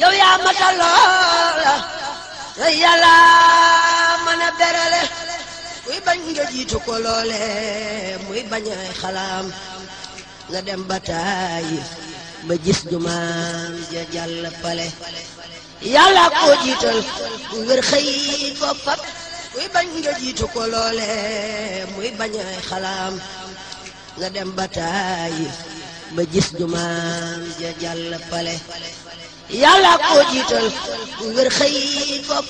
yow yaa matal loola te yàlla mën a berale kuy bañ nga jiitu ko loole muy bañ ay xalaam nga dem ba taayi ba gis jumaam ja jàll pale yàlla koo jiital ku bañ nga jiitu ko loole muy bañ ay xalaam nga dem ba taayi ba gis jumaam ja jàll pale yàlla ko jiital wér xëy bopp